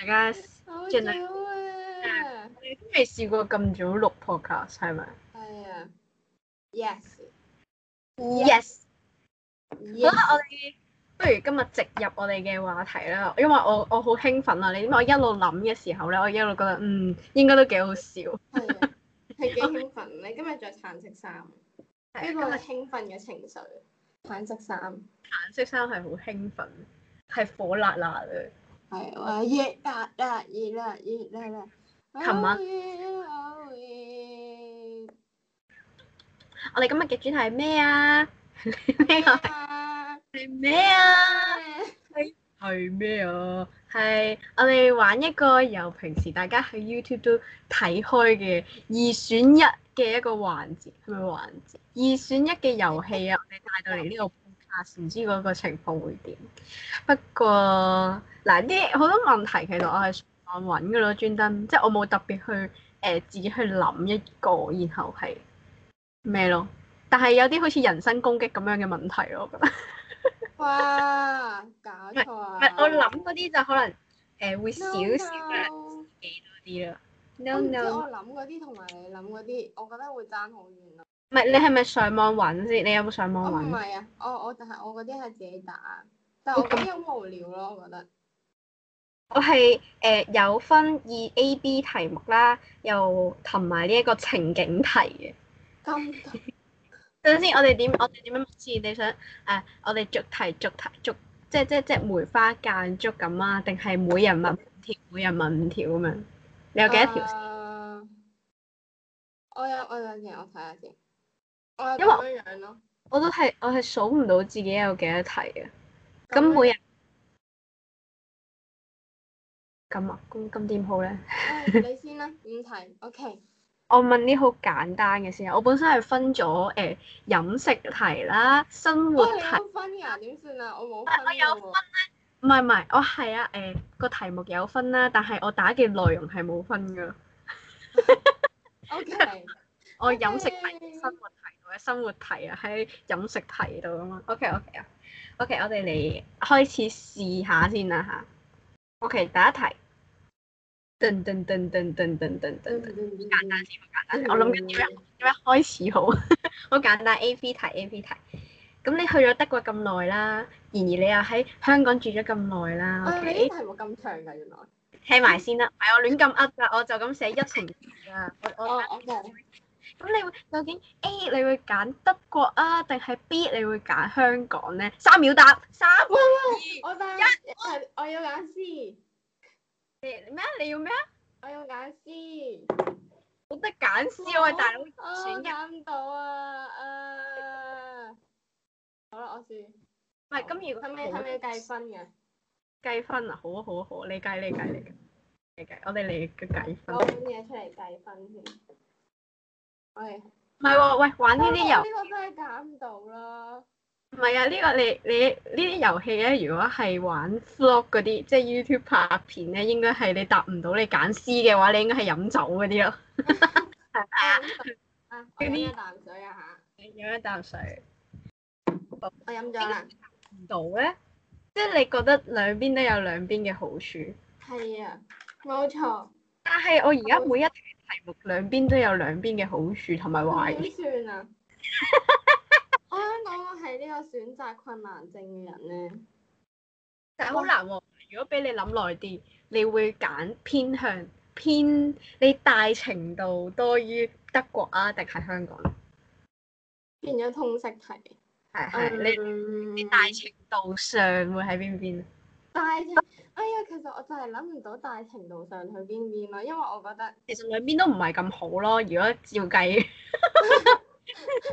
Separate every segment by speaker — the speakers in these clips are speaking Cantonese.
Speaker 1: 大
Speaker 2: 家 好早啊！你都未試過
Speaker 1: 咁早錄 Podcast 係咪？係啊，Yes，Yes，yes. yes. 好啦，我哋不如今日直入我哋嘅話題啦，因為我我好興奮啊！你點解我一路諗嘅時候咧，我一路覺得嗯應該都幾好笑。係係幾興奮！你今日着橙色衫，一
Speaker 2: 個係興奮嘅情緒。橙色衫，橙
Speaker 1: 色衫係好興奮，係火辣辣嘅。
Speaker 2: 係哇！熱啦啦！
Speaker 1: 熱啦熱啦啦！我哋今日嘅主題咩啊？咩啊？係咩啊？係咩啊？係我哋玩一個由平時大家喺 YouTube 都睇開嘅二選一嘅一個環節，係咪環節？二選一嘅遊戲啊！我哋帶到嚟呢個。唔知嗰個情況會點？不過嗱啲好多問題，其實我係上網揾噶咯，專登即係我冇特別去誒、呃、自己去諗一個，然後係咩咯？但係有啲好似人身攻擊咁樣嘅問題咯，我覺得。哇！搞錯啊！唔
Speaker 2: 係我諗嗰啲就可能
Speaker 1: 誒、呃、會少少幾多啲啦。No no！no, no. 我諗嗰啲同埋你諗嗰
Speaker 2: 啲，我覺得會爭好遠
Speaker 1: 咯。唔係你係咪上網搵先？你有冇上網搵？唔係啊，
Speaker 2: 我我就係我嗰啲係自己打，但係我啲好無
Speaker 1: 聊咯、啊，我覺得。 我係誒、呃、有分二 A、B 題目啦，又同埋呢一個情景題嘅。咁， 等下先，我哋點我哋點樣似你想誒、呃，我哋逐題逐題逐，即係即係即係梅花間竹咁啊？定係每人問五條，每人問五條咁樣？你有幾多條、
Speaker 2: uh,？我有我兩條，我睇下先。因為
Speaker 1: 我都係，我係數唔到自己有幾多題嘅。咁每日咁啊，咁咁點好咧？你
Speaker 2: 先啦，五題，OK。
Speaker 1: 我問啲好簡單嘅先啊！我本身係分咗誒飲食題啦，生活題。分呀？點
Speaker 2: 算啊？我冇分。我有分
Speaker 1: 咧，唔係唔係，我係啊誒個題目有分啦，但係我打嘅內容係冇分噶。OK。我飲食題，生活題。生活題啊，喺飲食題度咁啊。OK，OK、okay, okay。啊，OK，我哋嚟開始試下先啦吓，OK，第一題。噔噔噔噔噔噔噔噔噔。簡單先，簡單先。嗯、我諗緊點樣點、嗯、樣開始好。好 簡單，A P 題，A P 題。咁你去咗德國咁耐啦，然而你又喺香港住咗咁耐啦。啊、哎，呢 okay? 題冇咁長噶原來。聽埋先啦，唔、哎、係我亂咁呃噶，我就咁寫一成啊。我我我。哦 okay. 咁你會究竟 A 你會揀德國啊，定係 B 你會揀香港咧？三秒答，三二一，我要揀 C。你咩？你要咩
Speaker 2: 啊？我要揀 C。我都揀 C，我係大佬。我揀唔到啊！啊，好啦，我算。唔係，咁要，咁咩？咁咩計分
Speaker 1: 嘅？計分啊！好啊好啊好，你計你計你計，我哋嚟嘅計分。攞
Speaker 2: 啲嘢出嚟計分先。
Speaker 1: 唔係、 啊、喂，玩呢啲遊，呢個真係揀唔
Speaker 2: 到咯。唔係啊，呢、這個你
Speaker 1: 你呢啲遊戲咧，如果係玩 vlog 嗰啲，即係 YouTube 拍片咧，應該係你答唔到你揀 C 嘅話，你應該係飲酒嗰啲咯。
Speaker 2: 係 啊，嗰一啖水一 啊
Speaker 1: 吓，飲咗一啖水。 我飲咗啦。唔到咧，即、就、係、是、你覺得兩邊都有兩邊嘅好處。係
Speaker 2: 啊，冇
Speaker 1: 錯。但係我而家每一。題目兩邊都有兩邊嘅好處同埋壞處。
Speaker 2: 點算啊？ 我想講我係呢個選擇困難症嘅人咧，但係好難
Speaker 1: 喎。如果俾你諗耐啲，你會
Speaker 2: 揀偏
Speaker 1: 向偏你大程度多於德國啊，定係香港？
Speaker 2: 變咗通識題。
Speaker 1: 係係是
Speaker 2: ，um, 你大程度
Speaker 1: 上會喺邊邊？
Speaker 2: 大程度。哎呀，其實我就係諗唔到大程度上去邊邊咯，因為我覺得
Speaker 1: 其實兩邊都唔係咁好咯。如果照計，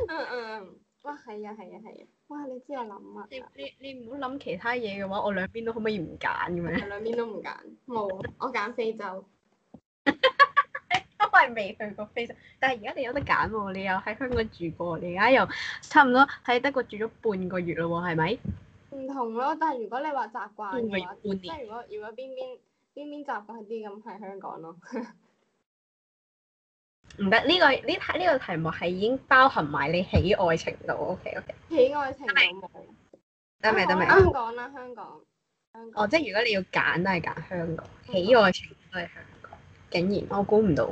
Speaker 2: 嗯嗯，哇，係啊係啊係啊，哇，你知係諗啊！你你你唔好諗其他嘢嘅話，我兩邊都可唔可以唔揀咁樣？ 兩邊都唔揀，冇，我揀非洲，
Speaker 1: 都係未去過非洲。但係而家你有得揀喎，你又喺香港住過，你而家又差唔多喺德國住咗半個月嘞喎，係咪？
Speaker 2: 唔同咯，但
Speaker 1: 係如果你話習慣嘅話，即係如果如果邊邊邊邊習慣啲咁係香港咯。 唔得，呢個呢題呢個題目係已經包含埋你
Speaker 2: 喜愛程度。OK OK。
Speaker 1: 喜愛程度。得未嗎？得未？香
Speaker 2: 港啦，香港。香港。哦，oh, 即係如果你要
Speaker 1: 揀，都係揀香港。喜愛程度都係香港。竟然。我估唔到。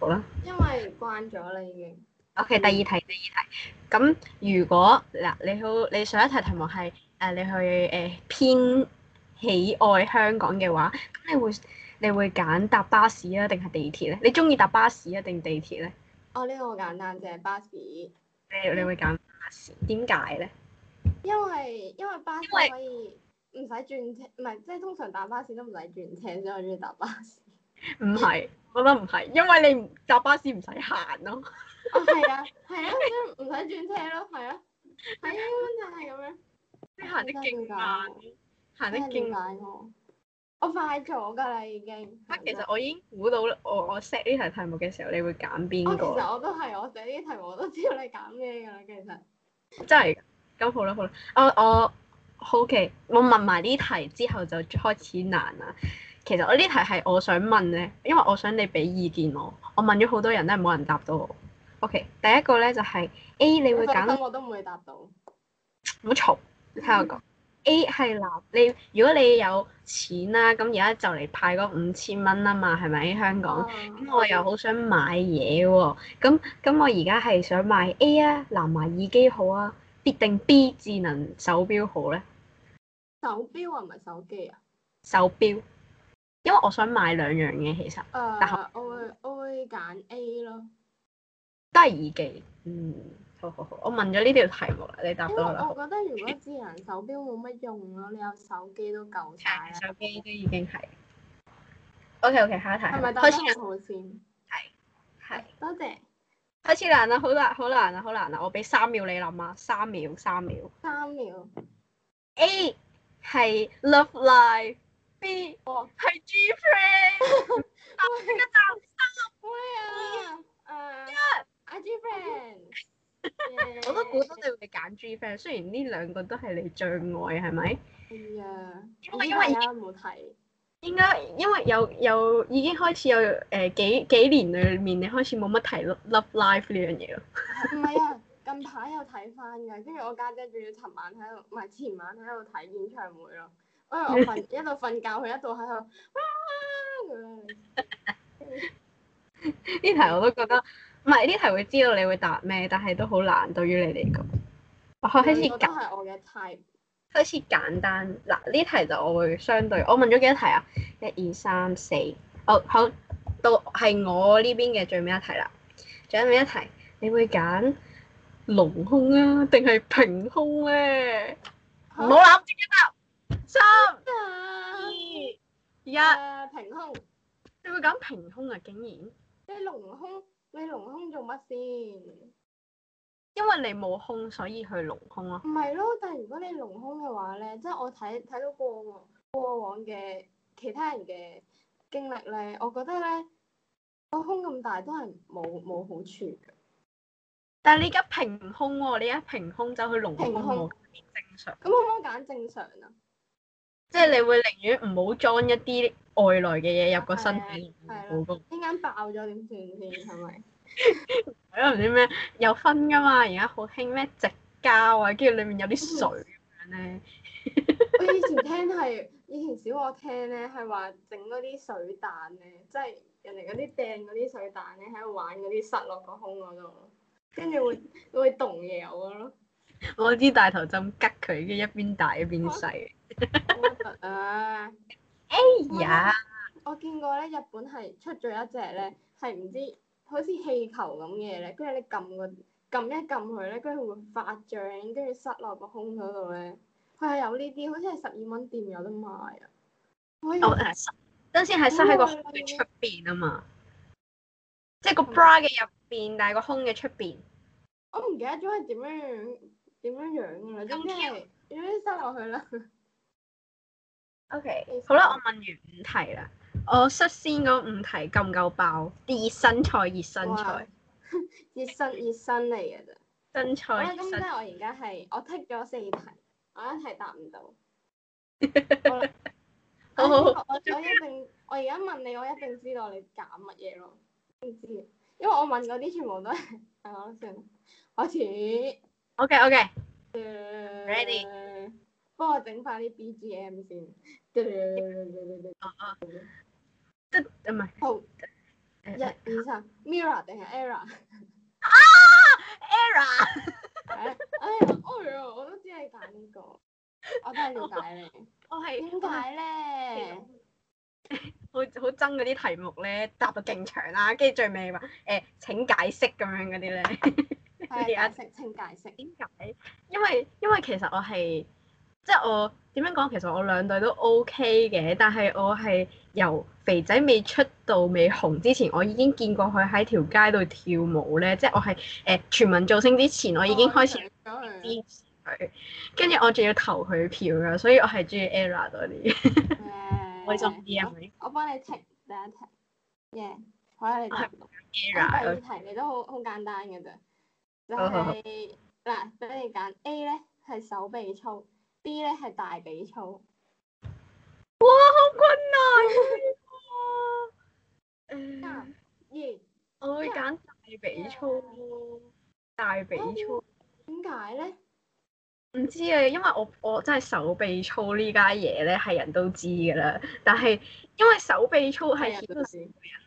Speaker 1: 好啦。
Speaker 2: 因為慣咗啦，已經。
Speaker 1: O Okay , K，mm hmm. 第二題，第二題。咁、嗯、如果嗱，你好，你上一題題目係誒，你去誒、呃、偏喜愛香港嘅話，咁你會你會揀搭巴士啊，定係地鐵咧？你中意搭巴士啊，定地鐵咧？
Speaker 2: 哦，呢個好簡單，就係巴士。誒你，嗯、你會揀
Speaker 1: 巴士？點解咧？因為
Speaker 2: 因為巴士可以唔使轉車，唔係即係通常搭巴士都唔使轉車，所以我中意搭巴士。
Speaker 1: 唔係，我覺得唔係，因為你搭巴士唔使行咯。
Speaker 2: 哦，係啊，係啊，唔使轉車咯，係啊，係、哎、啊，就係、係、咁樣。你行 得勁慢，行
Speaker 1: 得勁慢。我快咗㗎啦，已經。其實我已經估到我，我我 set 呢題題目嘅時候，你會揀邊個？ 其實我都係，
Speaker 2: 我
Speaker 1: 寫呢啲題目我都知道你揀咩㗎啦，其實。 真係，咁好啦好啦、哦，我我好奇，OK，我問埋呢題之後就開始難啦。其實我呢題係我想問咧，因為我想你俾意見我。我問咗好多人都係冇人答到我。O.K. 第一個咧就係、是、A，你會揀？我
Speaker 2: 都唔會答到。
Speaker 1: 好嘈！你聽我講、嗯、A 係啦，你如果你有錢啦、啊，咁而家就嚟派嗰五千蚊啊嘛，係咪喺香港？咁、啊、我又好想買嘢喎、啊。咁咁我而家係想買 A 啊，藍牙耳機好啊，必定 B 智能手錶好咧？
Speaker 2: 手錶啊，唔係手機啊？
Speaker 1: 手錶，因為我想買兩樣嘢，其實。
Speaker 2: 誒、啊是，我會我會揀 A 咯。
Speaker 1: 戴耳機，嗯，好好好，我問咗呢條題目啦，你答到啦。我我覺得如果
Speaker 2: 智能手表冇乜用咯，你有手機都夠晒。 手機都已經係。O K O K，下
Speaker 1: 一題，開始難好
Speaker 2: 先。係係，多謝。開始難啦，好
Speaker 1: 難，好難啊，好難啊，我俾三秒你諗下。三秒，三秒，三秒。A 係 Love
Speaker 2: Life，B 係 G Friend。 啊，一個三 G Friend，yeah. 我都估到你
Speaker 1: 會揀 G Friend，雖然呢兩個都係你最愛，係咪？係
Speaker 2: 啊，因為因為而家冇睇，
Speaker 1: 應該看因，因為有有已經開始有誒、呃、幾幾，幾年裏面，你開始冇乜睇 love life 呢樣嘢咯。唔
Speaker 2: 係啊、近排，okay. 有睇翻嘅，跟住我家姐仲要尋晚喺度，唔係前晚喺度睇演唱會咯。因為 我瞓，一路瞓
Speaker 1: 覺，佢一度喺度哇！咁樣。呢題我都覺得。唔係呢題會知道你會答咩，但係都好難對於你嚟講。開始簡，
Speaker 2: 都係我嘅 type。
Speaker 1: 開始簡單嗱，呢題就我會相對。我問咗幾多題啊？一二三四。哦、oh, 好，到係我呢邊嘅最尾一題啦。最尾一題，你會揀隆胸啊定係平胸咧？唔好諗住一答。三二一。平
Speaker 2: 胸。你會揀平胸啊？竟然。即係隆胸。你隆胸做乜先？
Speaker 1: 因為你冇胸，所以去隆胸啊？唔
Speaker 2: 係咯，但係如果你隆胸嘅話咧，即係我睇睇到過往過往嘅其他人嘅經歷咧，我覺得咧個胸咁大都係冇冇好處嘅。
Speaker 1: 但係你而家平胸喎，你而家平胸走去隆胸，平胸正常。咁可唔可以揀正常啊？即係你會寧願唔好裝一啲外來嘅嘢入個身體入邊好過。
Speaker 2: 依間、啊、爆咗點算先係
Speaker 1: 咪？係咯，唔 知咩有分噶嘛？而家好興咩植膠啊，跟住裡面有啲水咁樣咧。
Speaker 2: 我以前聽係以前小學聽咧，係話整嗰啲水彈咧，即係人哋嗰啲掟嗰啲水彈咧，喺度玩嗰啲塞落個胸嗰度，跟住會會動嘅有咯。
Speaker 1: 我支大頭針吉佢，嘅一邊大一邊細。
Speaker 2: 啊、 哎，哎呀！我見過咧，日本係出咗一隻咧，係唔知好似氣球咁嘅咧，跟住你撳個撳一撳佢咧，跟住會發脹，跟住塞落個胸嗰度咧。佢係有呢啲，好似係十二蚊店有得賣啊！
Speaker 1: 我、哎、誒、哦，等先係塞喺個胸出邊啊嘛，哦、即係個 bra 嘅入邊，的但係個胸嘅出邊。
Speaker 2: 我唔記得咗係點樣樣。點樣樣啊？咁即係，Thank you. 塞落去啦。O Okay . K，You start? 好
Speaker 1: 啦，我問完五題啦。我率先嗰五題夠唔夠爆？熱身菜，熱身菜。
Speaker 2: 熱身，熱身嚟嘅咋？真菜材。咁、嗯、身即我而家係，我剔咗四題，我一題答唔到。好好！ 我我一定，我而家問你，我一定知道你揀乜嘢咯。唔知，因為我問嗰啲全部都係，係咯，好似。OK, OK, Ready？幫我整翻啲 BGM 先。對對對對對。哦 哦。即係唔係？一、啊、二、 哦、三，Mirror 定係 Error？啊！Error！哎呀，哎、啊、呀、啊啊，我都知係揀呢個，我都係了解你。我係點解
Speaker 1: 咧？ 好好憎嗰啲題目咧，答到勁長啦、啊，跟住最尾話誒，請解釋咁樣嗰啲咧。
Speaker 2: 係阿成清介成，點解，
Speaker 1: 解？因為因為其實我係即係我點樣講？其實我兩隊都 OK 嘅，但係我係由肥仔未出道、未紅之前，我已經見過佢喺條街度跳舞咧。即係我係誒、欸、全民造星之前，我已經開始支
Speaker 2: 持佢，跟住我仲要投佢票㗎。所以我係
Speaker 1: 中意 ERROR 多啲，yeah, 開心啲啊！我幫你聽第一題，yeah，好啊、ERROR，你聽唔到？第二題你都
Speaker 2: 好好簡單嘅啫。就嗱、係，俾、oh, 你揀 A 咧係手臂粗，B 咧係大髀粗。哇，好困難啊！我
Speaker 1: 會揀大髀粗，
Speaker 2: 啊、大髀粗。點解咧？
Speaker 1: 唔知啊，因為我我真係手臂粗呢家嘢咧係人都知噶啦，但係因為手臂粗係。嗯嗯嗯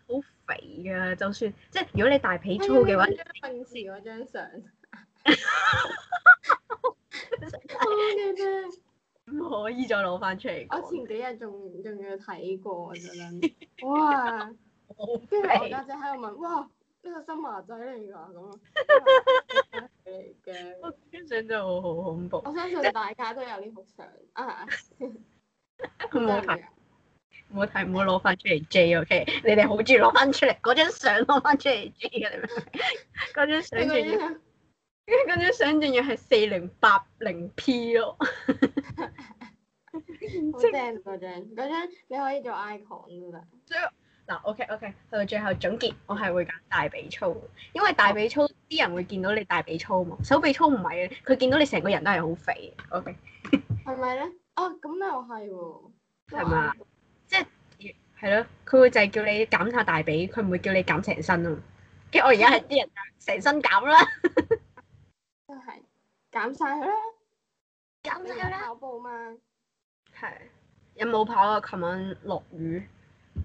Speaker 1: 好肥噶，就算即係如果你大髀粗嘅話，
Speaker 2: 近視嗰張相，唔可以再攞翻出嚟。我前幾日仲仲要睇過咋啦？哇！跟住 我家姐喺度問 哇：哇，呢個新華仔嚟噶咁嚟嘅？張
Speaker 1: 相 真係好恐怖。我相信大家都
Speaker 2: 有呢
Speaker 1: 幅相啊。咁啊。 唔好睇，唔好攞翻出嚟，J，OK。你哋好中意攞翻出嚟，嗰張相攞翻出嚟，J 嘅，你明唔明？嗰張相，跟住嗰張相仲要係四零八零 P 咯。好
Speaker 2: 正嗰張，你可以做 icon 噶啦。
Speaker 1: 所以嗱，OK，OK，去到最後總結，我係會揀大髀粗，因為大髀粗啲人會見到你大髀粗啊嘛。手臂粗唔係，佢見到你成個人都係好肥。OK。
Speaker 2: 係咪咧？哦，咁又係喎。
Speaker 1: 係咪？係咯，佢會就係叫你減下大髀，佢唔會叫你減成身啊。跟
Speaker 2: 住我而家係啲人成身減啦， 都係減晒佢啦，減曬啦。跑步嘛，係有冇跑啊？
Speaker 1: 琴晚落雨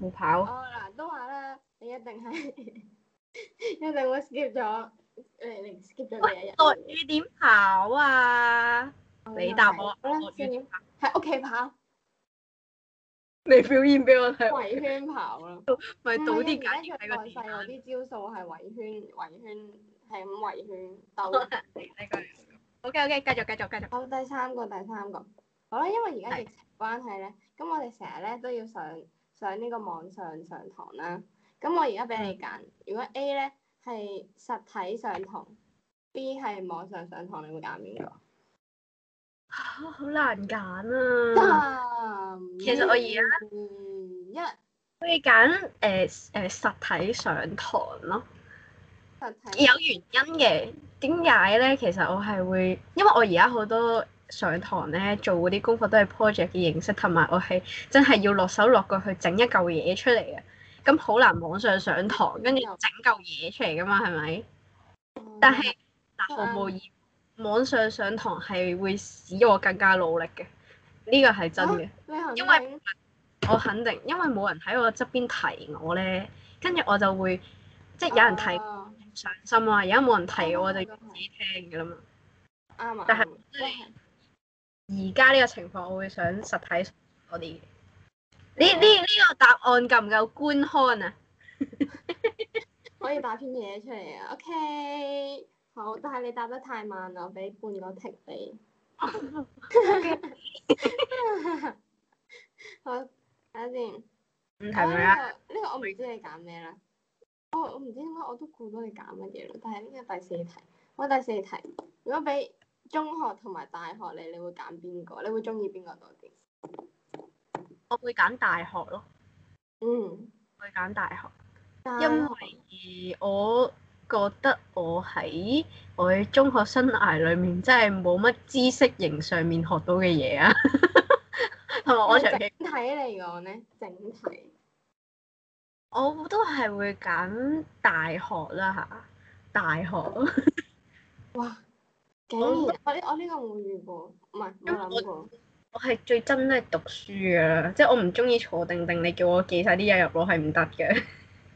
Speaker 1: 冇跑。哦嗱，都話啦，你一定係一定會 skip 咗，
Speaker 2: 誒，skip 咗你一日。落雨點跑啊？哦、你答我。落雨點跑？喺屋企跑。嗯嗯嗯你表演俾我睇，圍圈跑啦，咪賭啲。我呢 個細啲招數係圍圈，圍圈係咁圍圈，抖下。呢個 OK，OK，繼續，繼續，繼續。好，第三個，第三個。好啦，因為而家疫情關係咧，咁是我哋成日咧都要上上呢個網上上堂啦。咁我而家俾你揀，如果 A 咧係實體上堂，B 係網上上堂，你會揀邊個？啊，好
Speaker 1: 難揀啊！
Speaker 2: 其實我而家可以揀
Speaker 1: 誒誒實體上堂咯，
Speaker 2: 有原
Speaker 1: 因嘅。點解咧？其實我係會，因為我而家好多上堂咧，做嗰啲功課都係 project 嘅形式，同埋我係真係要落手落腳去整一嚿嘢出嚟啊！咁好難網上上堂，跟住整嚿嘢出嚟噶嘛，係咪有？但係我冇意。嗯是網上上堂係會使我更加努力嘅，
Speaker 2: 呢個係真嘅。啊、因為
Speaker 1: 我肯定，因為冇人喺我側邊提我咧，跟住我就會即係有人提我唔上心啊。而家冇人提我，嗯、就提我、嗯、就自己聽嘅啦嘛。
Speaker 2: 啱啊、嗯！嗯
Speaker 1: 嗯、但係而家呢個情況，我會想實體多啲。
Speaker 2: 呢呢呢
Speaker 1: 個答案夠唔夠觀看啊？
Speaker 2: 可以擺篇嘢出嚟啊！OK。好，但係你答得太慢啦，我俾半個題你。 好，睇下先。睇呢、哦呢個呢、呢個我唔知你揀咩啦。我我唔知點解我都估到你揀乜嘢啦。但係呢個第四題，我第四題，如果俾中學同埋大學你，你會揀邊個？你會中意邊個多啲？
Speaker 1: 我會揀大學咯。嗯。我會揀大學，因為我。覺得我喺我喺中學生涯裏面真係冇乜知識型上面學到嘅嘢啊，
Speaker 2: 同 埋我長期整體嚟講咧，整體
Speaker 1: 我都係會揀大學啦嚇，啊、大學。 哇！幾年
Speaker 2: 我呢我呢個冇遇過，唔係諗過。我
Speaker 1: 係最憎都係讀書嘅，即係我唔中意坐定定，你叫我記晒啲嘢入我係唔得嘅，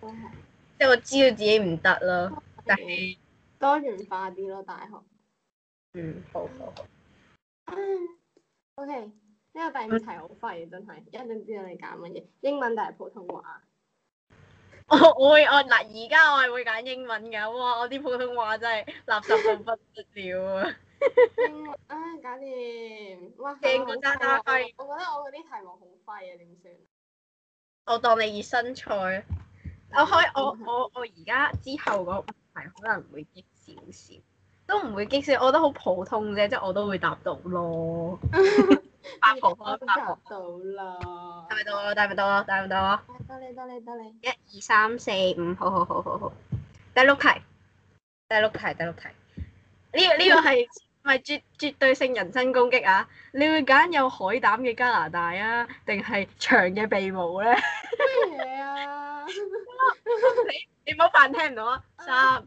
Speaker 1: 嗯、 即係我知道自己唔得咯。
Speaker 2: 但係、嗯、多元化啲咯，大學。嗯，好，好，好。O K，呢個第五題好廢，真係，一陣知道你揀乜嘢？英文定係普通話？哦哎、
Speaker 1: 我我會我嗱，而家我係會揀英文噶，哇！我啲普通話真係垃圾到不得了、嗯、啊！唉，搞掂，哇！驚我渣渣廢。
Speaker 2: 我覺得我嗰啲題目好廢啊！點算？
Speaker 1: 我當你熱身賽、嗯 okay, okay.，我可
Speaker 2: 我我我而家
Speaker 1: 之後、那個係，可能唔會激少少，都唔會激少，我覺得好普通啫，即係我都會答到咯，答都答到啦，答唔到啊，答唔到啊，答唔到啊，多你，多你，多你，一二三四五，好好好好好，第六題，第六題，第六題、呢個，呢、呢個呢個係咪絕絕對性人身攻擊啊？你會揀有海膽嘅加拿大啊，定係長嘅鼻毛咧？咩嘢啊？ 你冇扮聽唔到啊！三、二、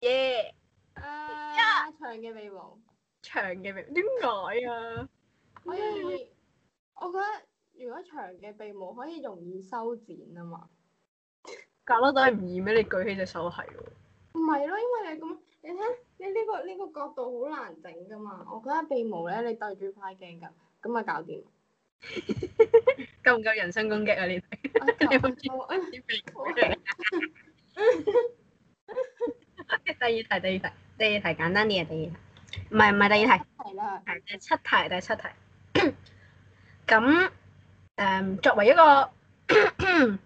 Speaker 2: 一，長嘅鼻毛，
Speaker 1: 長嘅
Speaker 2: 鼻毛點解啊？可 以，我覺得如果長嘅鼻毛可以容易修剪啊嘛。
Speaker 1: 隔魯都係唔易咩？你舉起隻手係喎。
Speaker 2: 唔係咯，因為你咁，你睇你呢、呢個呢、呢個角度好難整噶嘛。我覺得鼻毛咧，你對住塊鏡咁，咁咪搞掂。
Speaker 1: 夠唔夠人身攻擊啊？你、哎、 你冇
Speaker 2: 住啲鼻
Speaker 1: 毛。好 第二題，第二題，第二題簡單啲啊！第二題，唔係唔係第二題，係啦，係第七題，第七題。咁誒、 嗯，作為一個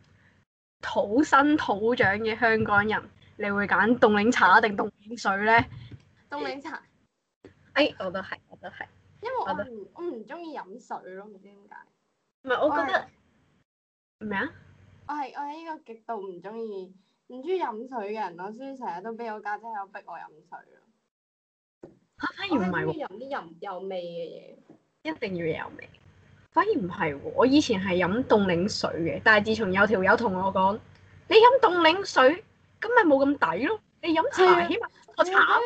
Speaker 1: 土生土長嘅香港人，你會揀凍檸茶定凍檸水咧？
Speaker 2: 凍檸茶，哎，我都係，我都係，因為我唔我唔中意飲水咯，唔知點解。唔係，我覺得咩啊是麼？我係我喺呢個極度唔中意。唔中意飲水嘅人咯，所以成日都俾我家姐喺度逼我飲水啊！我反而唔係喎，我中意飲啲有有味嘅嘢，
Speaker 1: 一定要有味。反而唔係喎，我以前係飲凍檸水嘅，但係自從有條友同我講，你飲凍檸水咁咪冇咁抵咯，你飲茶起碼我慘，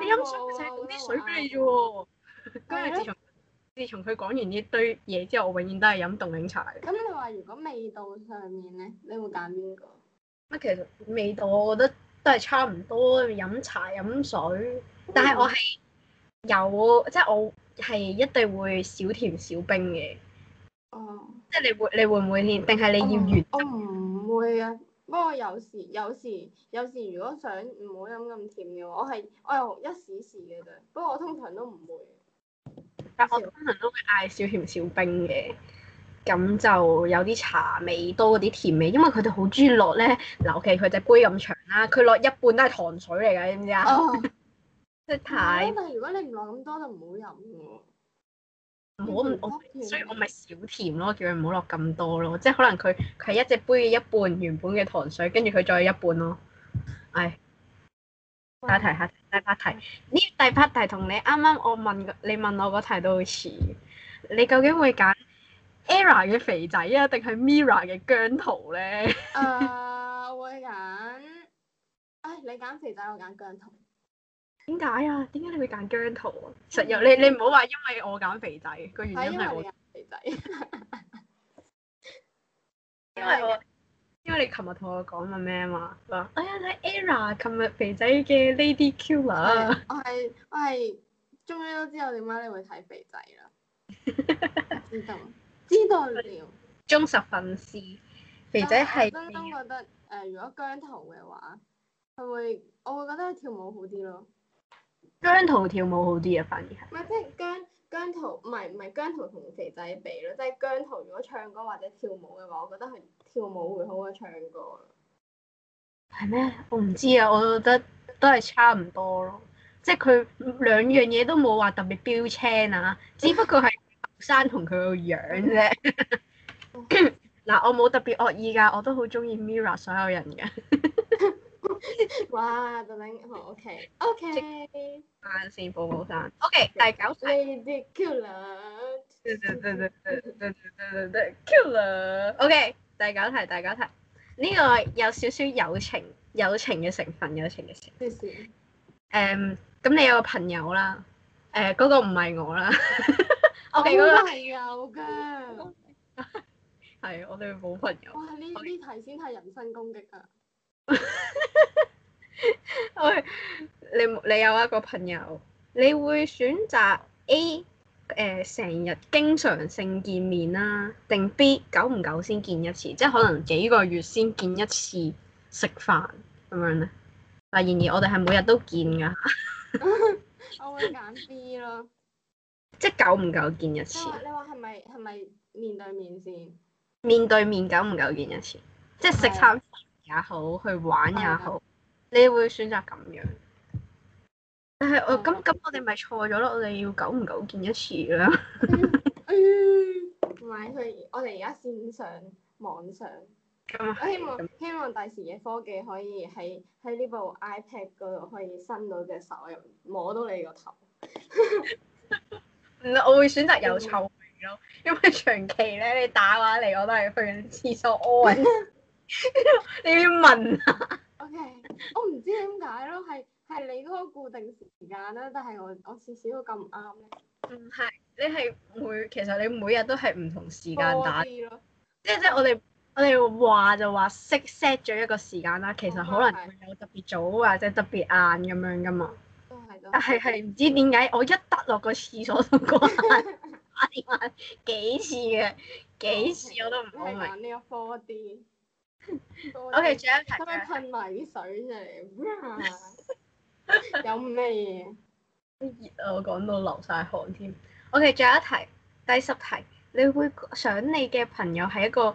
Speaker 1: 你飲水就係倒啲水俾你啫喎，跟住自從。自從佢講完呢堆嘢之後，我永遠都係飲凍檸茶。
Speaker 2: 咁你話如果味道上面咧，你會揀邊個？
Speaker 1: 乜其實味道我覺得都係差唔多飲茶飲水，但係我係有即係、就是、我係一定會少甜少冰嘅。哦，
Speaker 2: 即係你會你會唔會練？定係你要完？我唔會啊，不過有時有時有時如果想唔好飲咁甜嘅話，我係我又一時時嘅啫。不過我通常都唔會。
Speaker 1: 但我通常都會嗌少甜少冰嘅，咁就有啲茶味多嗰啲甜味，因為佢哋好中意落咧，嗱、okay,，尤其佢隻杯咁長啦，佢落一半都係糖水嚟㗎，知唔知啊？
Speaker 2: 即係、oh. 太。但係如果你唔落咁多，就唔好
Speaker 1: 飲唔好唔我，別所以我咪少甜咯，叫佢唔好落咁多咯，即係可能佢佢係一隻杯嘅一半原本嘅糖水，跟住佢再有一半咯，唉、哎。第八題，第八題呢？第八題同、嗯、你啱啱我問你問我嗰題都好似，你究竟會揀 ERROR 嘅肥仔啊，定係 MIRROR 嘅姜濤咧？誒，uh, 我會
Speaker 2: 揀，誒、哎，你
Speaker 1: 揀肥仔，我揀姜濤，點解啊？點解你會揀姜濤啊？ 實有你，你唔好話因為我揀肥仔個原因係我肥仔，
Speaker 2: 因,我因為。 因為我
Speaker 1: 因為你琴日同我講緊咩啊嘛，話我要睇 Era 琴日肥仔嘅 Lady Killer
Speaker 2: 我係我係終於都知道點解你會睇肥仔啦。知道，知道了。
Speaker 1: 忠實粉絲，肥仔係。我覺
Speaker 2: 得誒、呃，如果姜濤嘅話，佢會我會覺得佢跳舞好啲咯。
Speaker 1: 姜濤跳舞好啲啊，反而係。
Speaker 2: 咪即姜。姜
Speaker 1: 濤唔係唔係姜濤同肥仔比咯，即係姜濤如果唱歌或者跳舞嘅話，我覺得係跳舞會好過唱歌。係咩？我唔知啊，我覺得都係差唔多咯，即係佢兩樣嘢都冇話特別標青啊，只不過係生同佢個樣啫。嗱， 我冇特別惡意㗎，我都好中意 Mirror 所有人嘅。
Speaker 2: 哇，就等，等，好 OK，OK，okay, okay. 先補補先，OK，okay. 第九題 ridiculous 對對對對對對對對 killer，OK
Speaker 1: 第九題，第九題，呢、這個有少少友情，友情嘅成分，友情嘅成
Speaker 2: 分，
Speaker 1: 誒，咁、um, 你有個朋友啦，誒、uh,，嗰個唔係我啦，我哋都有噶，係，我哋冇朋
Speaker 2: 友，哇，呢呢 Okay.
Speaker 1: 題先係人身
Speaker 2: 攻擊啊！
Speaker 1: 你 你有一個朋友，你會選擇 A 誒、呃、成日經常性見面啦、啊，定 B 久唔久先見一次，即係可能幾個月先見一次食飯咁樣咧？但然而我哋係每日都見噶。 我會揀 B 咯，
Speaker 2: 即
Speaker 1: 係久唔久見一次。啊、你
Speaker 2: 話係咪係咪面對面先？
Speaker 1: 面對面久唔久見一次，即係食餐飯。也好，去玩也好， 你會選擇咁樣？但係、 哦、我咁咁，我哋咪錯咗咯，我哋要久唔久見一次
Speaker 2: 啦。唔 係，佢 我哋而家線上網上，嗯、我希望 希望第時嘅科技可以喺喺呢部 iPad 嗰度可以伸到隻手入摸到你個頭。
Speaker 1: 唔 我會選擇有臭味咯，因為長期咧，你打話嚟我都係去緊廁所屙 你要問啊
Speaker 2: ？OK，我唔知點解咯，係係你嗰個固定時間啦，但係我我少少都咁啱咧。唔係，你係
Speaker 1: 每其實你每日都係唔同時間打咯 4 D。即即我哋我哋話就話識 set 咗一個時間啦，其實可能有特別早或者特別晏咁樣㗎嘛。都
Speaker 2: 係
Speaker 1: 的但係係唔知點解我一得落個廁所就掛掛
Speaker 2: 幾次嘅幾次我都唔講、okay。玩呢個 4D。O、okay, K，最後一題可唔
Speaker 1: 可以噴埋啲水先嚟？有咩嘢，熱啊！ 我講到流晒汗添。O K，仲有一題，第十題，你會想你嘅朋友係一個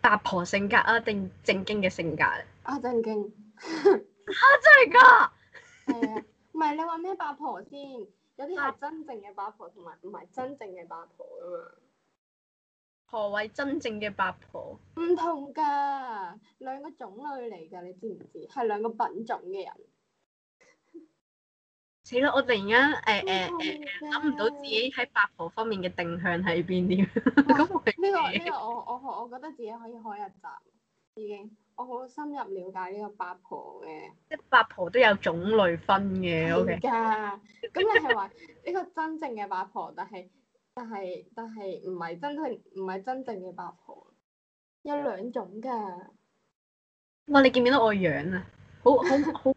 Speaker 1: 八婆性格啊，定正經嘅性格咧？
Speaker 2: 啊，正經 啊，真係噶？係 啊、欸，唔係你話咩八婆先？有啲係真正嘅八婆，同埋唔係真正嘅八婆噶嘛？
Speaker 1: 何為真正嘅八婆？
Speaker 2: 唔同㗎，兩個種類嚟㗎，你知唔知？係兩個品種嘅人。
Speaker 1: 死 啦！我突然間誒誒誒諗唔到自己喺八婆方面嘅定向喺邊點。咁呢個呢個，呢
Speaker 2: 個、我我我覺得自己可以開一集，已經我好深入了解呢個八婆嘅。即
Speaker 1: 八婆都有種類分嘅，OK。
Speaker 2: 咁 Okay、嗯、你係話呢個真正嘅八婆，但係？但係，但係唔係真係，唔係真正嘅八婆，有兩種噶。
Speaker 1: 哇！你見唔見到我樣 啊？好好好難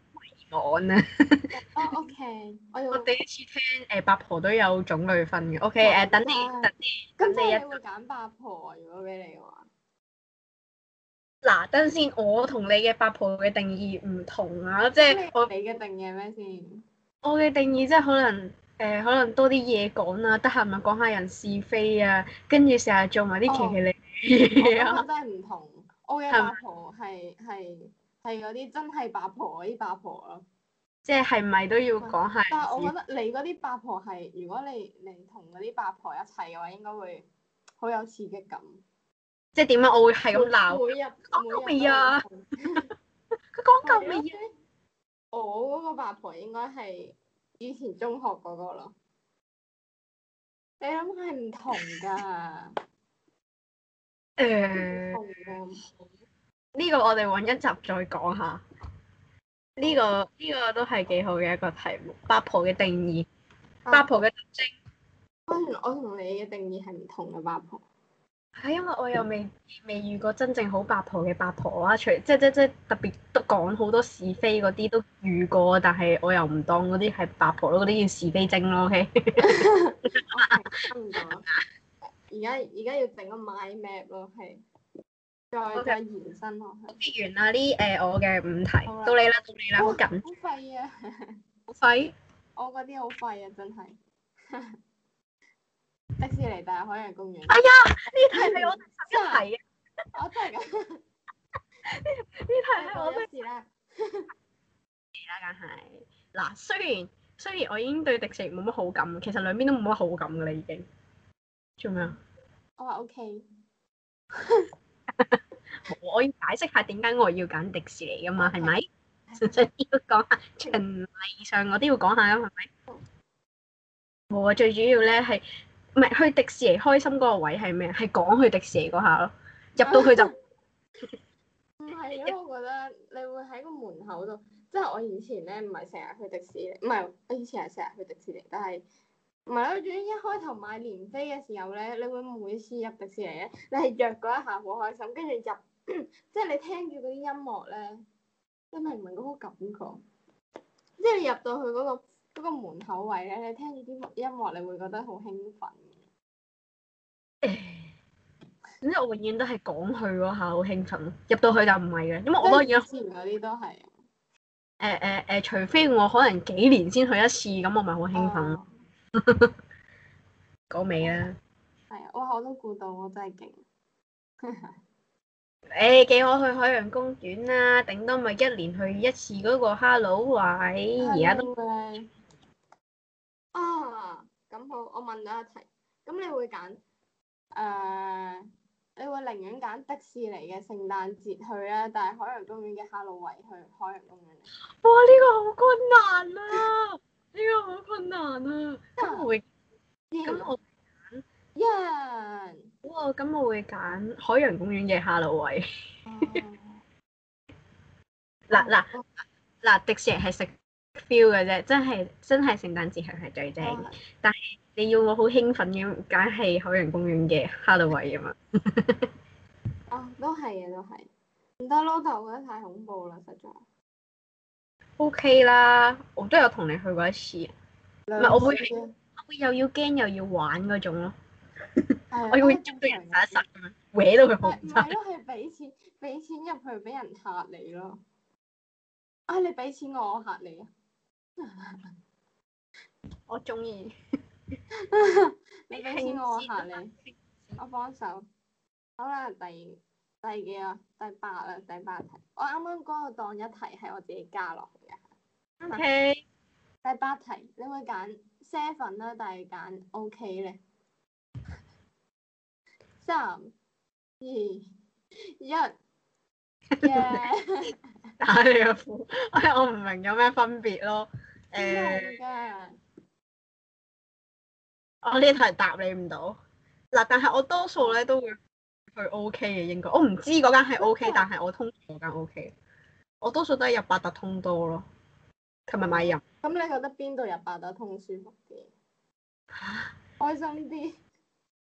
Speaker 1: 講啊。
Speaker 2: O K，我我第一次聽
Speaker 1: 誒、呃、八婆都有種類分嘅。O K，誒，等你等
Speaker 2: 你，咁即係你會揀八婆啊？如果俾你嘅話，
Speaker 1: 嗱，等先，我同你嘅八婆嘅定義唔同啊，即係
Speaker 2: 我你嘅定義係
Speaker 1: 咩先？我嘅定義即係可能。誒、呃、可能多啲嘢講啊，得閒咪講下人是非啊，跟住成日做埋啲奇奇離離啊！Oh, 我
Speaker 2: 覺得係唔同，嗎我嘅八婆係係係嗰啲真係八婆嗰啲八婆咯。
Speaker 1: 即係係咪都要講下？但係我覺
Speaker 2: 得你嗰啲八婆係，如果你你同嗰啲八婆一齊嘅話，應該會好有刺激感。即係點啊？我會係咁鬧。每日，每日啊！佢講夠未啊？我嗰個八婆應該係。以前中學嗰個咯，你諗係唔同噶？
Speaker 1: 誒
Speaker 2: ，
Speaker 1: 呢、呃這個我哋搵一集再講下。呢、這個呢、這個都係幾好嘅一個題目。八婆嘅定義，啊、八婆嘅特徵、
Speaker 2: 啊。我同我同你嘅定義係唔同嘅八婆。係，因為我又未未遇過真
Speaker 1: 正好八婆嘅八婆啊，除即即即，即特別都講好多是非嗰啲都遇過，但係我又唔當嗰啲係八婆咯，嗰啲叫是非精咯。O K，我係
Speaker 2: 而家而家要整個 My Map 咯，係再，Okay. 再延伸咯。好、okay，
Speaker 1: 結完嗱呢誒，我嘅五題了到你啦，到你啦，哦、好緊，好
Speaker 2: 廢啊，好廢，我嗰啲好廢啊，真係。 迪士尼大海洋公園？哎呀，呢題係我真係，是是 我真係，呢題係我真係是啦，是梗係
Speaker 1: 嗱。雖然雖然我已經對迪士尼冇乜好感，其實兩邊都冇乜好感噶啦，已經。做咩啊？我
Speaker 2: 話、oh, OK 。
Speaker 1: 我要解釋下點解我要揀迪士尼噶嘛？係咪 Okay.？即係 要講情理上我下，我都要講下噶，係咪？我最主要咧係。唔係去迪士尼開心嗰個位係咩？係講去迪士尼嗰下咯，入到去就唔
Speaker 2: 係。 因為我覺得你會喺個門口度，即係我以前咧唔係成日去迪士尼，唔係我以前係成日去迪士尼，但係唔係我總之一開頭買年飛嘅時候咧，你會每次入迪士尼，你係着嗰一下好開心，跟住入，即係你聽住嗰啲音樂咧，真係唔係嗰個感覺？即係你入到去嗰、嗰個。不
Speaker 1: 過門口位咧，你聽住啲音樂，你會覺得好興奮。誒、哎，點知我永遠都係講去嗰下
Speaker 2: 好興奮，入到去就唔係嘅，因為我
Speaker 1: 而家之前嗰啲都係。誒誒誒，除非我可能幾年先去一次，咁我咪好興奮咯。
Speaker 2: 講尾啦。係啊 有、哎，哇！我都估到，我真
Speaker 1: 係勁。誒幾好去海洋公園啦、啊，頂多咪一年去一次嗰個 Hello 喂的，而家都。
Speaker 2: 啊，咁好，我問你一題，咁你會揀，誒、呃，你會寧願揀迪士尼嘅聖誕節去啊，定係海洋公園嘅哈囉喂去海洋公園？哇，呢、這個好困難啊！呢 個好困難啊！咁 我會，咁
Speaker 1: 我揀一。哇，咁我會揀 Yeah. 海洋公園嘅哈囉喂。嗱嗱嗱，迪士尼係食。啊啊啊 feel 嘅啫，真係真係聖誕節係係最正。啊、但係你要我好興奮咁，梗係海洋公園嘅 Halloween 啊嘛。
Speaker 2: 啊，都係啊，都係。唔得咯，但我覺得太恐怖啦，實在。
Speaker 1: OK 啦，我都有同你去過一次。唔係次，我會，我會又要驚又要玩嗰種咯。我要會
Speaker 2: 捉到人第一殺咁樣，
Speaker 1: 搲到佢好慘。
Speaker 2: 都係俾錢，俾錢入去，俾人吓你咯。啊！你俾錢我吓你啊！ 我中意， 你俾錢我下你，我幫手。 好啦，第第幾啊？第八啦，第八題。我啱啱嗰個檔一題係我自己加落去嘅。O Okay . K，第八題，你會揀 seven 啦，但係揀 O K 咧？三、二、一，耶！打
Speaker 1: 你個褲，我唔明有咩分別咯。誒，嗯、我呢題答你唔到，嗱，但係我多數咧都會去 O K 嘅，應該我唔知嗰間係 O K，但係我通常嗰間 O K，我多數都係入八達通多咯，同埋買飲。
Speaker 2: 咁你覺得邊度入八達通舒服啲？啊、開心啲。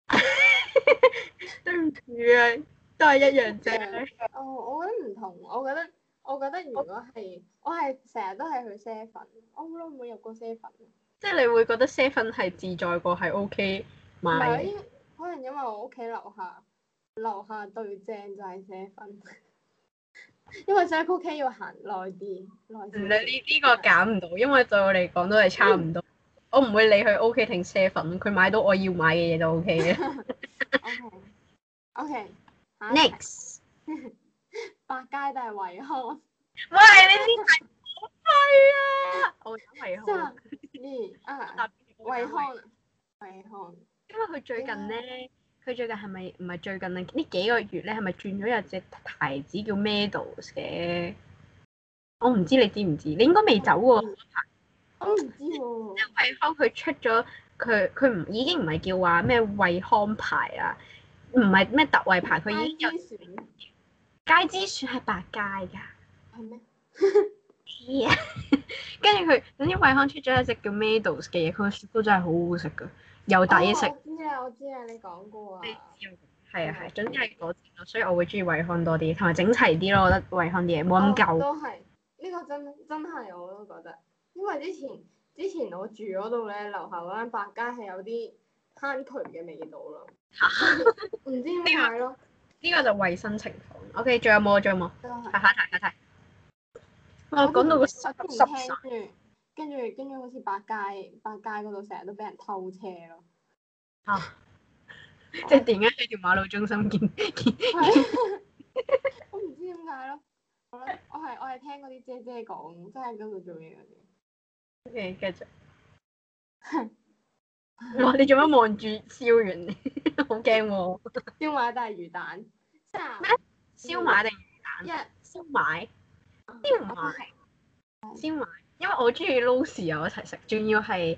Speaker 2: 對唔住啊，都係一樣啫。哦、嗯，我覺得唔同，我覺得。我覺得如果係 Okay. 我係成日都係去 seven，我好耐冇
Speaker 1: 入過 seven。即係你會覺得 seven 係自在過係 OK
Speaker 2: 買？唔係，可能因為我屋企樓下樓下對正就係 seven。 因為 seven OK 要行耐啲。耐啲你呢呢個
Speaker 1: 減唔到，因為對我嚟講都係差唔多。我唔會理佢 OK 定 seven，佢買到我要買嘅嘢就 OK 嘅。
Speaker 2: OK，OK。
Speaker 1: Next。
Speaker 2: 百佳都係惠康？喂，你呢排好貴啊！ 我想惠康。嗯，啊，惠康，惠康，因
Speaker 1: 為佢最近咧，佢最近係咪唔係最近啊？呢幾個月咧係咪轉咗有隻牌子叫 Medals 嘅？ 我唔知你知唔知？你應該未走喎、啊。 我唔知喎、啊。因為惠康佢出咗，佢佢唔已經唔係叫話咩惠康牌啊，唔係咩特惠牌，佢 已經有。 街之雪係百佳噶，係咩是嗎？跟住佢，總之惠康出咗一隻叫 Meadows 嘅嘢，佢都真係好好食噶，又抵食。
Speaker 2: 知啊、哦，我知啊，你講過啊。
Speaker 1: 係啊係，總之係嗰啲，所以我會中意惠康多啲，同埋整齊啲咯，我覺得惠康啲嘢冇咁舊。都
Speaker 2: 係，呢、這個真真係我都覺得，因為之前之前我住嗰度咧，樓下嗰間百佳係有啲坑渠嘅味道咯，唔、啊、 知點解
Speaker 1: 咯。呢個就衛生情況，OK，仲有冇 啊？仲有
Speaker 2: 冇？下下下下下。
Speaker 1: 我講到個濕濕
Speaker 2: 濕，跟住跟住好似百佳，百佳嗰度成日都俾人偷車咯。
Speaker 1: 啊！ 即係點解喺條馬路中心見
Speaker 2: 見？ 我唔知點解咯，我我係我係聽嗰啲姐姐講，即係喺嗰度做嘢嗰啲。
Speaker 1: OK，繼續。哇！你做乜望住燒完？ 好驚喎、
Speaker 2: 哦！燒麥都係魚蛋，咩？燒麥定魚蛋？一燒麥，燒麥，燒麥，
Speaker 1: 因為我中意撈豉油一齊食，仲要係誒。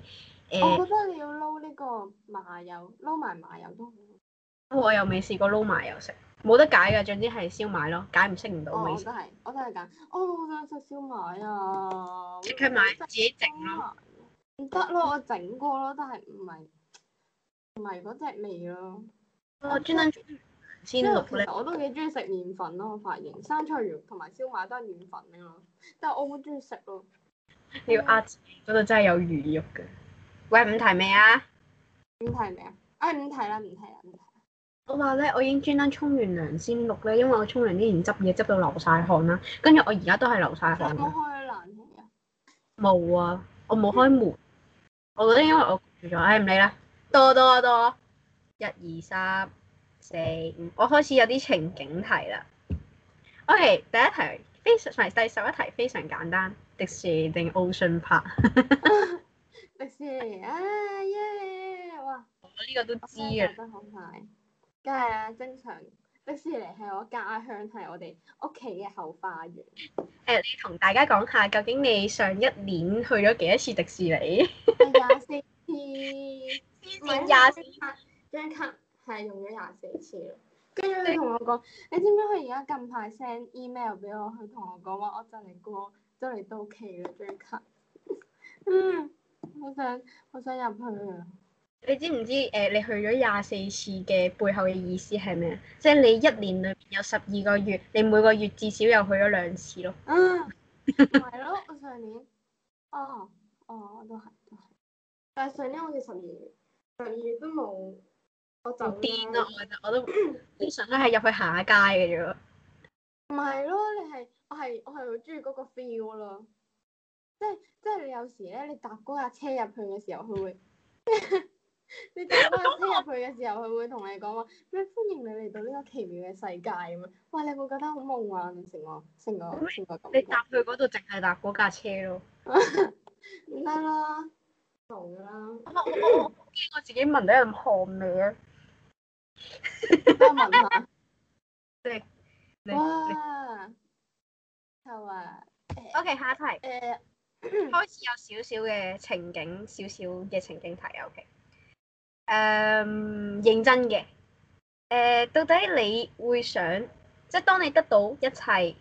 Speaker 1: 欸
Speaker 2: oh，我覺得你要撈呢個麻油，撈埋麻油
Speaker 1: 都好。我又未試過撈麻油食，冇得解㗎。總之係燒麥咯，解唔識唔到味！我都
Speaker 2: 係，oh，我都係揀，我好想食燒麥啊！即佢買自己整咯。意唔得咯，我整過咯，但係唔係唔係嗰隻味咯，哦。我專登先錄咧，我都幾中意食麵粉咯，我發現生菜魚同埋燒賣都係麵粉嘅咯，但係我好中意食
Speaker 1: 咯。你要壓嗰度真係有魚肉嘅。喂，五題未啊？
Speaker 2: 五題未啊？唉，哎，五題啦，五題啦，五題。
Speaker 1: 我話咧，我已經專登沖完涼先錄咧，因為我沖涼之前執嘢執到流晒汗啦，跟住我而家都係流晒汗。
Speaker 2: 有
Speaker 1: 冇開冷氣啊？冇啊，我冇開門。 我覺得因為我做咗，唉、唔理啦，多多多，一二三四五，1, 2, 3, 4, 5, 我開始有啲情景題啦。O.K. 第一題非常係，第十一題非常簡單，迪士尼定 Ocean Park？
Speaker 2: 迪士尼啊耶！哇，我呢個都知啊，得好快，梗係啦，正常。迪士尼係我家鄉，係我哋屋企嘅後花園。
Speaker 1: 誒、呃，你同大家講下，究竟你上一年去咗幾多次迪士尼？
Speaker 2: 廿 四次，先係廿四張卡，係用咗廿四次、嗯、跟住你同我講，你知唔知佢而家咁快 send email 俾我，佢同我講話，我就嚟過，就嚟到期啦張卡。 嗯，好想，好想入去。啊。你知唔知誒、
Speaker 1: 呃？你去咗廿四次嘅背後嘅意思係咩？即係你一年裏邊有十二個月，你每個月至少又去咗兩次咯。嗯、
Speaker 2: 啊，係咯，我上年， 哦，哦，都係，都但係上年好似十二月，十二月都冇、啊，我就癲咯，我就我都，經常
Speaker 1: 都係入去行下街嘅啫。唔
Speaker 2: 係咯，你係我係我係好中意嗰個 feel 咯、啊，即係即係你有時咧，你搭嗰架車入去嘅時候，佢會。 你搭翻車入去嘅時候，佢會同你講話咩？歡迎你嚟到呢個奇妙嘅世界咁樣。哇！你有冇覺得好夢幻？成個成個成個，個你搭去嗰度淨係搭嗰架車咯，唔得 啦，好啦。我我,我,我,我,我,我,我自己聞到有
Speaker 1: 汗味啊，多聞、okay, 下。即
Speaker 2: 係哇，就話，OK 下一題，誒、欸，
Speaker 1: 開始有少少嘅情景，少少嘅情景題 o、okay、k 誒，um, 認真嘅，誒、uh, 到底你會想，即係當你得到一切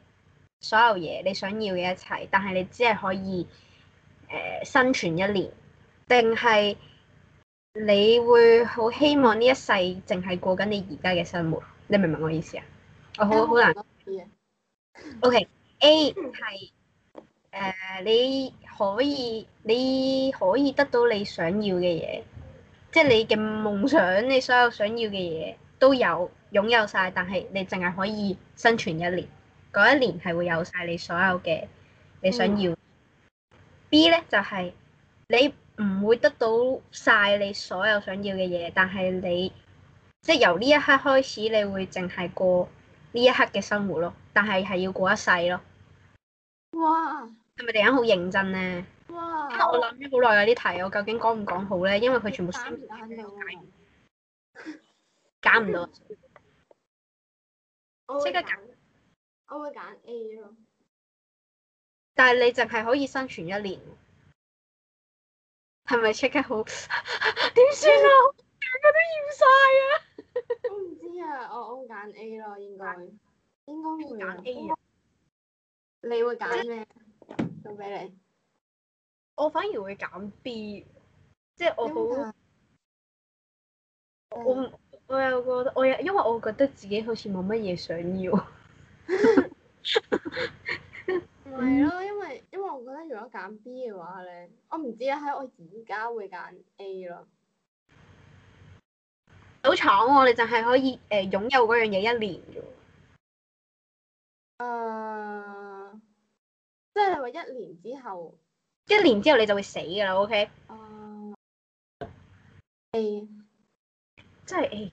Speaker 1: 所有嘢，你想要嘅一切，但係你只係可以誒、uh, 生存一年，定係你會好希望呢一世淨係過緊你而家嘅生活？你明唔明我意思啊？我好好 難。O、okay. K A 係誒，uh, 你可以你可以得到你想要嘅嘢。即係你嘅夢想，你所有想要嘅嘢都有擁有晒，但係你淨係可以生存一年。嗰一年係會有晒你所有嘅你想要。哇 B 咧就係、是、你唔會得到晒你所有想要嘅嘢，但係你即係、就是、由呢一刻開始，你會淨係過呢一刻嘅生活咯。但係係要過一世咯。哇！係咪突然間好認真咧？哇我諗咗好耐啊！呢題我究竟講唔講好咧？因為佢全部三十分，揀唔到。即刻揀， 我會揀 A
Speaker 2: 咯。
Speaker 1: 但係你淨係可以生存一年，係咪？即刻好點算
Speaker 2: 啊？我都用晒啊！我唔知啊，我我會揀 A 咯，應該選應該會揀 A 啊。你會揀咩？送俾你。
Speaker 1: 我反而會揀 B，即係我好，我我又覺得我又因為我覺得自己好似冇乜嘢想要。
Speaker 2: 唔係咯，因為因為我覺得如果揀 B 嘅話咧，我唔知啊，喺我而家會揀 A 咯。
Speaker 1: 好慘喎！你就係可以誒、呃、擁有嗰樣嘢一年啫喎。誒
Speaker 2: 呃，即係你話一年之後。
Speaker 1: 一年之後你就會死㗎啦，OK？哦，A，、uh, 真係 A，、哎、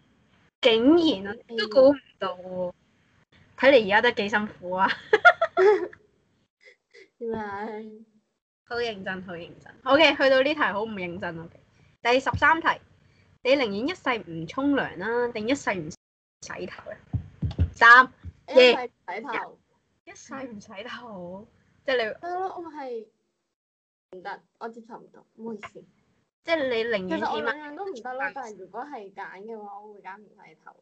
Speaker 1: 竟然、uh, 都估唔到喎！睇嚟而家都幾辛苦啊，係 麼，好認真，好認真。o、okay, k 去到呢題好唔認真咯、okay。第十三題，你寧願一世唔沖涼啦，定一世唔洗頭咧、啊？三二一，
Speaker 2: 嗯、一世唔洗頭，嗯、即係你。得 唔得，我接受唔到，唔好意思。即係你寧願其實我兩樣都唔得咯。但係如果係揀嘅話，我會揀唔洗頭。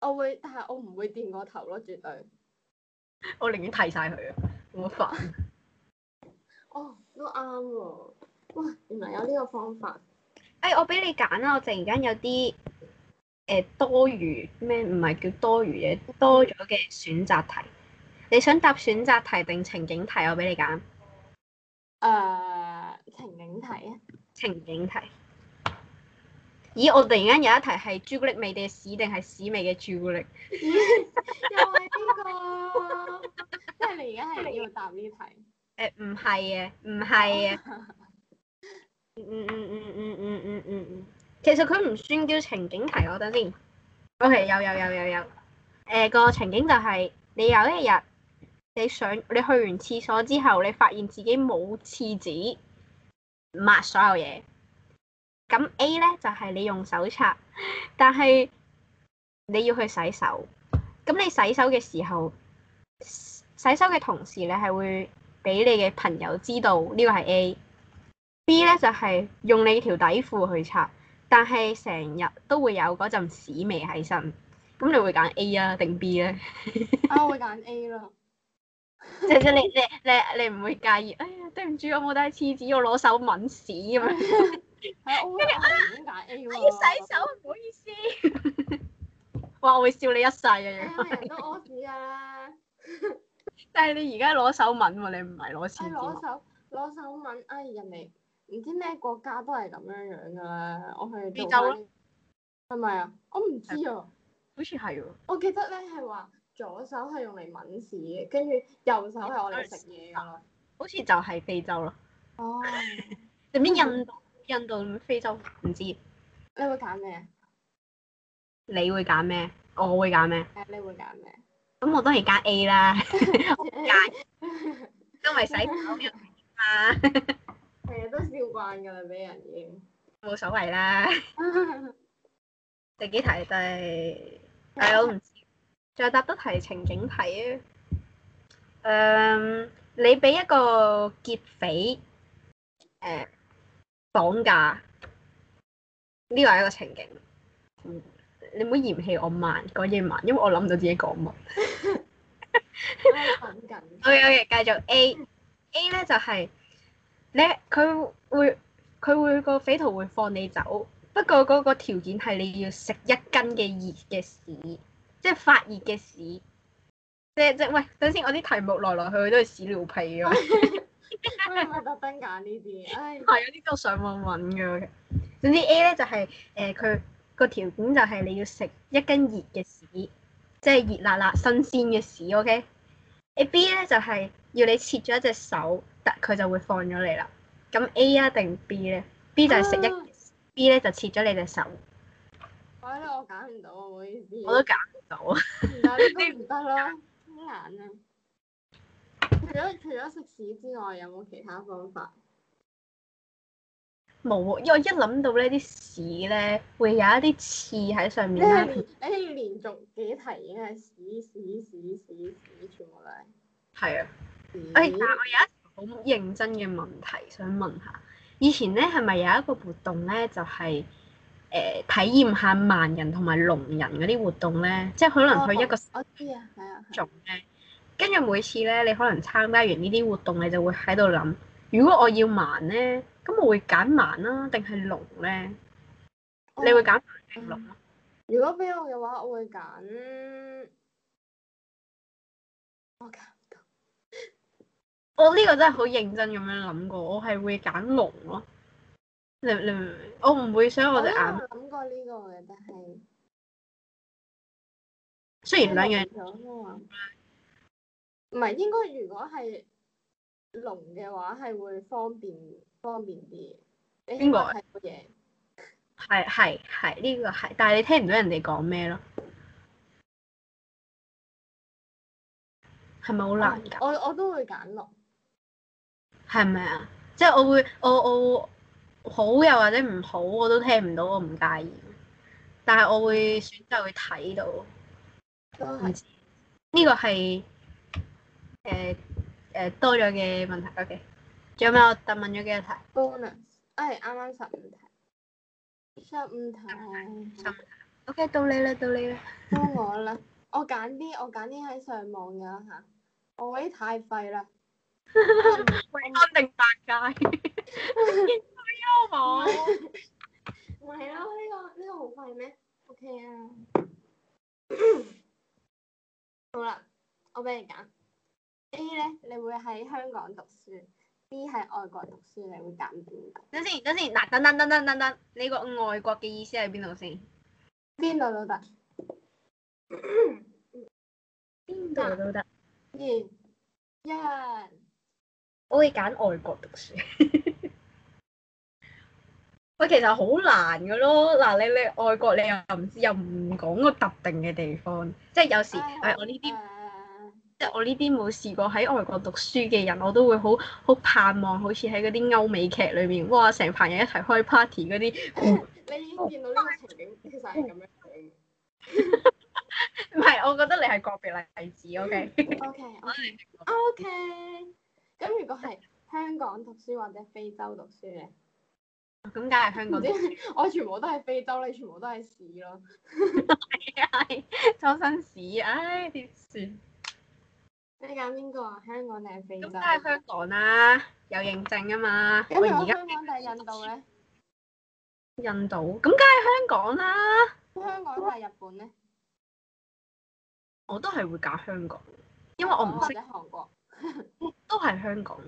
Speaker 2: 我會，但係我唔會掂個頭咯，絕對。
Speaker 1: 我寧願剃晒佢啊，好煩。
Speaker 2: 哦，都啱喎。哇，原來有呢個方法。哎、欸，我俾你
Speaker 1: 揀啦。我突然間有啲誒、欸、多餘咩？唔係叫多餘嘢，多咗嘅選擇題。嗯、你想答選擇題定情景題？我俾你揀。
Speaker 2: 誒、uh, 情景
Speaker 1: 題啊！情景題。咦，我突然間有一題係朱古力味嘅屎，定係屎味嘅朱古力？ 又係邊個？ 即
Speaker 2: 係你而家係要答呢題？
Speaker 1: 誒唔係嘅，唔係嘅。嗯嗯嗯嗯嗯嗯嗯嗯嗯。其實佢唔算叫情景題，我覺得先。O K，有有有有有。誒，個、呃、情景就係、是、你有一日。你上你去完廁所之後，你發現自己冇廁紙抹所有嘢，咁 A 咧就係、是、你用手擦，但係你要去洗手，咁你洗手嘅時候，洗手嘅同時你係會俾你嘅朋友知道個 A，呢個係 A。B 咧就係、是、用你條底褲去擦，但係成日都會有嗰陣屎味喺身，咁你會揀 A 啊定 B 咧、啊？啊、哦，
Speaker 2: 我會揀 A 咯。
Speaker 1: 即係 你你你你唔會介意？哎呀，對唔住，我冇帶廁紙，我攞手揾屎咁樣。跟
Speaker 2: 住我點解，我要、 哎、洗手，唔好意思。
Speaker 1: 哇，我會笑你一世嘅。咁咪、哎、呀 人都屙屎噶
Speaker 2: 啦。 但係你而家攞手揾喎，你唔係攞廁紙。攞、哎、手攞手揾，哎，人哋唔知咩國家都係咁樣樣噶啦。我係做。非洲。係咪啊？我唔知啊。好似係啊。我記得咧係話。左手係用嚟搵屎嘅，跟住右手係用嚟食嘢噶。好似就係非洲咯。哦，入邊印度、印度、非洲唔知。你會揀咩？
Speaker 1: 你會揀咩？我會揀咩？你
Speaker 2: 會揀
Speaker 1: 咩？咁我都係揀 A 啦。都
Speaker 2: 係洗腦人嘛。係啊，都笑慣噶啦，俾
Speaker 1: 人嘅。冇所謂啦。第幾題？第，哎我唔。再答多題情景題啊！嗯、uh，你俾一個劫匪誒綁、uh, 架呢個係一個情景。你唔好嫌棄我慢，講嘢慢，因為我諗到自己講乜。
Speaker 2: 我諗
Speaker 1: 緊。我有嘢，繼續 A。A 咧就係、是、你佢會佢會、嗰個匪徒會放你走，不過嗰個條件係你要食一斤嘅熱嘅屎。即係發熱嘅屎，即係即係喂，等先，我啲題目來來去去都係屎尿屁啊！你咪 特
Speaker 2: 登揀呢啲，唉、哎，係啊、哎，呢
Speaker 1: 啲我上網搵噶。okay，總之 A 咧就係、是、誒，佢個條件就係你要食一斤熱嘅屎，即係熱辣辣新鮮嘅屎，OK？誒 B 咧就係、是、要你切咗一隻手，但佢就會放咗你啦。咁 A 啊定 B 咧？B 就係食一、啊、B 咧就切咗你隻手。
Speaker 2: 哎呀，我揀唔到，唔好意思。我都揀。走啊！呢啲唔得咯，好難啊！除咗除咗食屎之外，有冇其他方法？
Speaker 1: 冇，因為我一諗到呢啲屎咧會有一啲刺喺上面啦。誒，
Speaker 2: 你連續幾題已經係屎屎屎屎屎，全部嚟。係啊。誒，但係、啊屎欸，我有一好認
Speaker 1: 真嘅問題想問下，以前咧係咪有一個活動咧就係、是？誒、呃、體驗下盲人同埋聾人嗰啲活動咧，即係可能去一個種咧。跟住、哦啊啊啊、每次咧，你可能參加完呢啲活動，你就會喺度諗：如果我要盲咧，咁我會揀盲啦，定係聾咧？
Speaker 2: 哦、你會揀、嗯？如果俾我嘅話，我會揀。Okay, 我揀唔到。我呢個真係好認真
Speaker 1: 咁樣諗過，我係會揀聾咯。你你我唔會想我隻眼。
Speaker 2: 感覺呢個嘅，但係
Speaker 1: 雖然兩樣。
Speaker 2: 唔係應該，如果係聾嘅話，係會方便方便啲。邊個？係
Speaker 1: 係係呢個係，但係你聽唔到人哋講咩咯？係咪好難搞？
Speaker 2: 我我都會揀聾。
Speaker 1: 係咪啊？即係我會，我我。好又或者唔好，我都聽唔到，我唔介意。但係我會選擇會睇到。唔是
Speaker 2: 知
Speaker 1: 呢、這個係誒誒多咗嘅問題 OK 仲有咩？我答問咗幾多題
Speaker 2: ？Bonus，唉，啱啱十五題，十五題。OK，題、哎、剛剛題到你啦，到你啦，到我啦。我揀啲，我揀啲喺上網嘅吓、啊。我呢太廢啦，永 安定百佳。 冇？唔係咯，呢、 呢個呢、呢個好快咩？O K 啊， 好啦，我俾你揀 A 咧，你會喺香港讀書；B 喺外國讀書，你會揀邊？
Speaker 1: 等先，等先，嗱，等等，等等，等等，你個外國嘅意思喺邊度先？邊度都得，邊度 都得。一，我會揀外國讀書。 喂，其實好難噶咯，嗱，你你外國你又唔知，又唔講個特定嘅地方，即係有時，係、哎呀哎、我呢啲，即係、嗯、我呢啲冇試過喺外國讀書嘅人，我都會好好盼望，好似喺嗰啲歐美劇裏面，哇，成棚人一齊開 party 嗰啲。 你已經見到呢個情
Speaker 2: 景，
Speaker 1: 其實係咁樣嘅。唔 係， 我覺得你係個別例子，OK。
Speaker 2: OK，OK。咁如果係香港讀書或者非洲讀書呢？咁梗係香港啲，我全部都係非洲咧，你全部都係屎咯，係啊，周身屎，唉，點
Speaker 1: 算？
Speaker 2: 你揀邊個啊？香港
Speaker 1: 定係非洲？梗係香港啦，有認證啊嘛。咁如我香港定
Speaker 2: 係印度咧？
Speaker 1: 印度咁梗係香港啦。
Speaker 2: 香港定係日本咧？
Speaker 1: 我都係會揀香港，因為我唔識韓國，都係香港。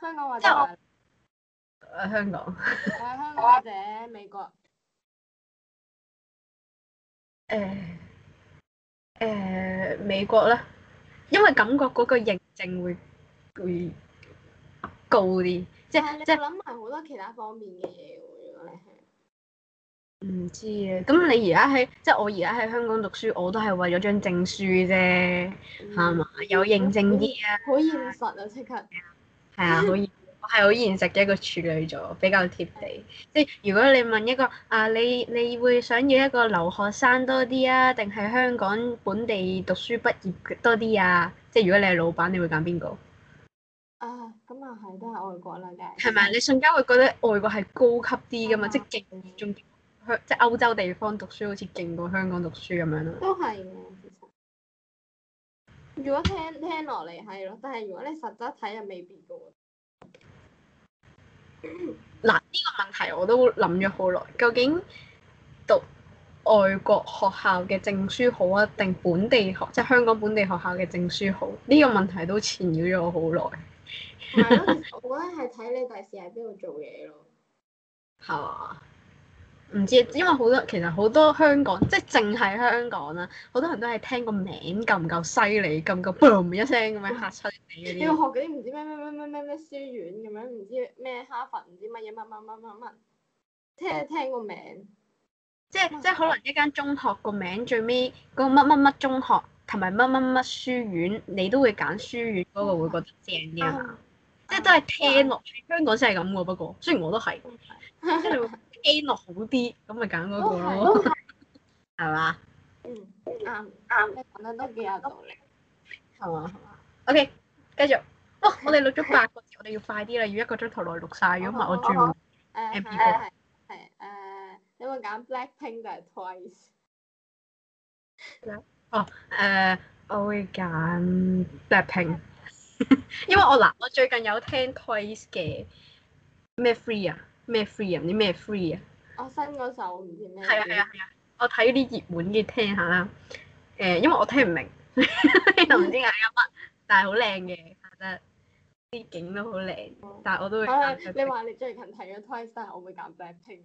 Speaker 1: 香
Speaker 2: 港或者喺香港，香港或者美國，誒誒、
Speaker 1: 啊啊，美國啦，因為感覺嗰個認證會會高啲，即係即係諗
Speaker 2: 埋好多其他方面嘅嘢、啊、
Speaker 1: 如果
Speaker 2: 你係唔知
Speaker 1: 啊，咁你而家喺即係我而家喺香港讀書，我都係為咗張證書啫，係嘛、嗯，有認證啲
Speaker 2: 啊，好現實啊，即刻係啊，
Speaker 1: 好 我係好現實嘅一個處女座，比較貼地。的即係如果你問一個啊，你你會想要一個留學生多啲啊，定係香港本地讀書畢業多啲啊？即係如果你係老闆，你會揀邊個？啊，咁啊係，都係外
Speaker 2: 國啦，梗係。係咪？你瞬間
Speaker 1: 會覺得外國係高級啲噶嘛？即係勁中香，即係歐洲地方讀書好似勁過香港讀書咁樣咯。都係，其
Speaker 2: 實。如果聽聽落嚟係咯，但係如果你實質睇又未必㗎。
Speaker 1: 嗱，呢個問題我都諗咗好耐，究竟讀外國學校嘅證書好啊，定本地學即係香港本地學校嘅證書好？呢個問題都纏繞咗我好耐。
Speaker 2: 係咯， 我覺得係睇你第時喺邊度做嘢咯。
Speaker 1: 係啊。唔知，因為好多其實好多香港，即係淨係香港啦，好多人都係聽個名夠唔夠犀利，夠唔夠 boom 一聲咁樣嚇出嚟。你要學嗰啲唔
Speaker 2: 知咩咩咩咩咩咩書院咁樣，唔知咩哈佛，唔知乜嘢乜乜乜乜乜，聽聽個名
Speaker 1: 即。即係即係可能一間中學名個名最尾嗰個乜乜乜中學同埋乜乜乜書院，你都會揀書院嗰、那個、啊、會覺得正啲啊！即係都係聽落，啊、香港先係咁喎。不過雖然我都係，啊 A 落好啲，咁咪揀嗰個咯，係嘛？嗯，啱啱，你講得都幾有道理，係嘛
Speaker 2: ？OK，繼續，我我哋錄咗八個字，我哋要快
Speaker 1: 啲啦，要一個鐘頭內錄晒，如果唔係我轉 MP。係，係，誒，你會揀 Blackpink 定係 Twice？哦，誒，我會揀 Blackpink，因為我嗱，我最近有聽 Twice 嘅咩 Free 啊。咩 free, free? 啊？你咩 free 啊,啊,啊？
Speaker 2: 我新嗰首唔知咩。
Speaker 1: 係啊係啊係啊！我睇啲熱門嘅聽下啦。誒、呃，因為我聽唔明，唔、嗯、知嗌乜，但係好靚嘅，拍得啲景都好靚，哦、但我都會、啊。你話
Speaker 2: 你最近睇咗 Twice，但係我會揀 BLACKPINK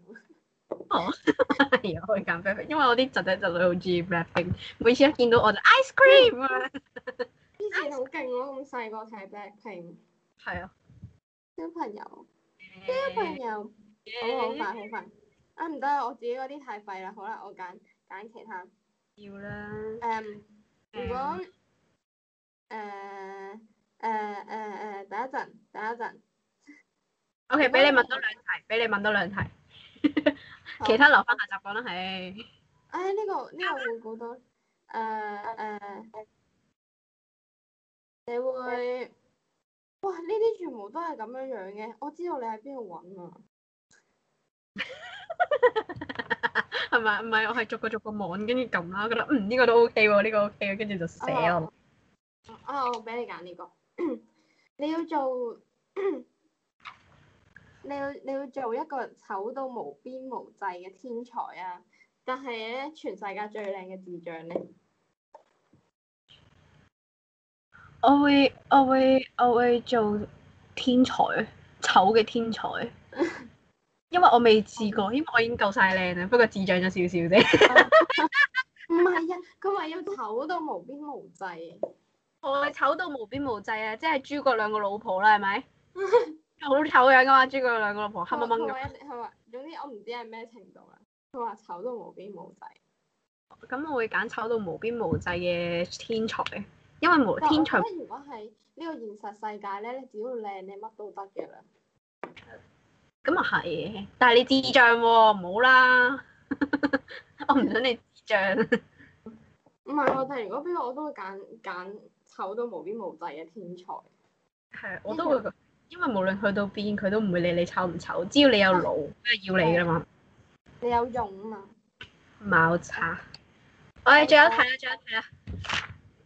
Speaker 2: 哦，係 啊、哎，
Speaker 1: 我會揀 BLACKPINK 因為我啲侄仔侄女好中意 BLACKPINK 每次一見到我就 ice
Speaker 2: cream。啊！」你好勁咯！咁細個睇 BLACKPINK 係啊。小朋友。啲朋友，Yeah. 好好快，好快。啊、哎，唔得我自己嗰啲太廢啦。好啦，我揀揀其他。要啦了。誒，um, 如果誒誒誒誒，等一陣，等一陣。O.K.，俾你問多兩題，
Speaker 1: 俾你問多兩題。 其他留翻下集講啦，嘿好。
Speaker 2: 哎，呢、這個呢、這個會估到。誒、呃、誒、呃，你會？哇！呢啲全部都係咁樣樣嘅，我知道你喺邊度揾啊？
Speaker 1: 係咪？ 唔係，我係逐個逐個望，跟住撳啦，覺得嗯呢、這個都 O K 喎，呢個 O K，跟住就寫咯。啊，這個、啊我俾、哦哦、你揀呢、這個。 你要做， 你
Speaker 2: 要你要做一個醜到無邊無際嘅天才啊！但係咧，全世界最靚嘅智障咧。
Speaker 1: 我會我會我會做天才醜嘅天才，因為我未試過，因為我已經夠晒靚啦，不過智障咗少少啫。
Speaker 2: 唔 係啊，佢話、啊、要醜到無邊無
Speaker 1: 際，我係醜到無邊無際啊！即係諸葛亮個老婆啦，係咪？好醜 樣噶嘛，諸葛亮個老婆黑掹掹嘅。佢話，
Speaker 2: 總之我唔知係咩程度啊。佢話醜到無邊無際。
Speaker 1: 咁我會揀醜到無邊無際嘅天才。因為無天才，如
Speaker 2: 果係呢個現實世界咧，你只要靚，你乜都得嘅啦。
Speaker 1: 咁啊係，但係你智障喎、哦，唔好啦，
Speaker 2: 我
Speaker 1: 唔想你智障。
Speaker 2: 唔係我，但如果邊個我都會揀揀醜到無邊無際嘅天才。係，我都會，
Speaker 1: 因為無論去到邊，佢都唔會理你醜唔醜，只要你有腦，梗係、嗯、要你噶啦嘛。
Speaker 2: 你有用啊嘛？
Speaker 1: 冇差。
Speaker 2: 我哋最後睇啦，最後睇啦。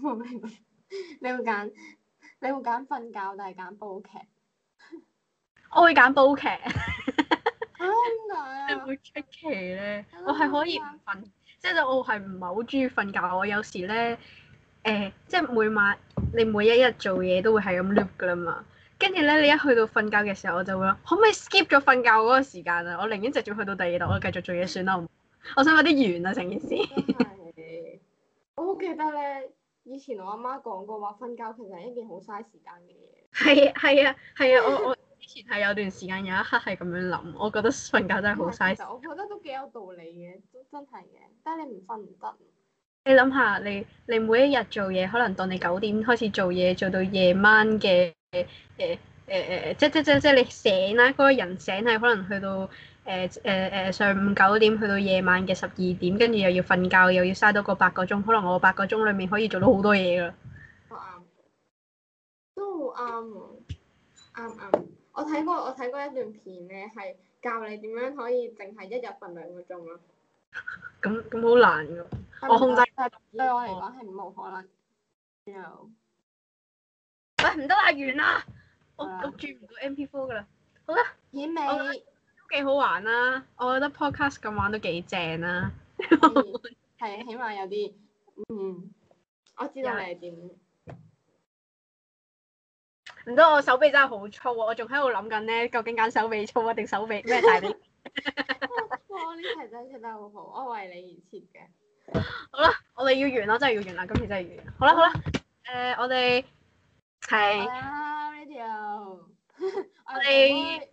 Speaker 2: 我明， 你會揀你會揀瞓覺定係揀煲劇？ 我會揀煲劇。真 噶、啊？你會出奇咧？啊、我係
Speaker 1: 可以唔瞓，即係、啊、我係唔係好中意瞓覺。我有時咧，誒、呃，即、就、係、是、每晚你每一日做嘢都會係咁 loop 噶啦嘛。跟住咧，你一去到瞓覺嘅時候，我就會可唔可以 skip 咗瞓覺嗰個時間啊？我寧願直接去到第二度，我繼續做嘢算啦。我想快啲完啊！成件事，
Speaker 2: 我好記得咧。以前我阿媽講過話，瞓覺其實係一件好嘥時
Speaker 1: 間嘅嘢。係 啊係啊係啊，我我之前係有段時間有一刻係咁樣諗，我覺得瞓覺真係好嘥時間。其
Speaker 2: 實 我覺得都幾有道理嘅，都真係嘅。但係你唔瞓
Speaker 1: 唔得。你諗下，你你每一日做嘢，可能當你九點開始做嘢，做到夜晚嘅誒誒誒誒，即即即即你醒啦、啊，嗰、那個人醒係可能去到。誒誒誒，上午九點去到夜晚嘅十二點，跟住又要瞓覺，又要嘥多個八個鐘。可能我八個鐘裏面可以做到好多嘢
Speaker 2: 啦。啱，都好啱啱啱。我睇過我睇過一段片咧，係教你點樣可以淨係一日瞓兩個鐘
Speaker 1: 咯。咁咁好難㗎，我控制對我嚟
Speaker 2: 講係冇可能。喂，唔得啦，完啦！了我我轉唔到 MP4 㗎啦。好
Speaker 1: 啦，演尾。幾好玩啦，啊！我覺得 podcast 咁玩都幾正啦，啊，係
Speaker 2: 是 起碼有啲嗯，我知道你係點。唔得，我手臂真係好粗啊！我仲喺
Speaker 1: 度諗緊咧，究竟揀手臂粗啊定手臂咩大啲？ 我呢題真係
Speaker 2: 出得好好，我為你而設嘅。
Speaker 1: 好啦，我哋要完啦，真係要完啦，今次真係完。好啦好啦，誒、呃、我哋係啊
Speaker 2: ，radio 我哋們。 我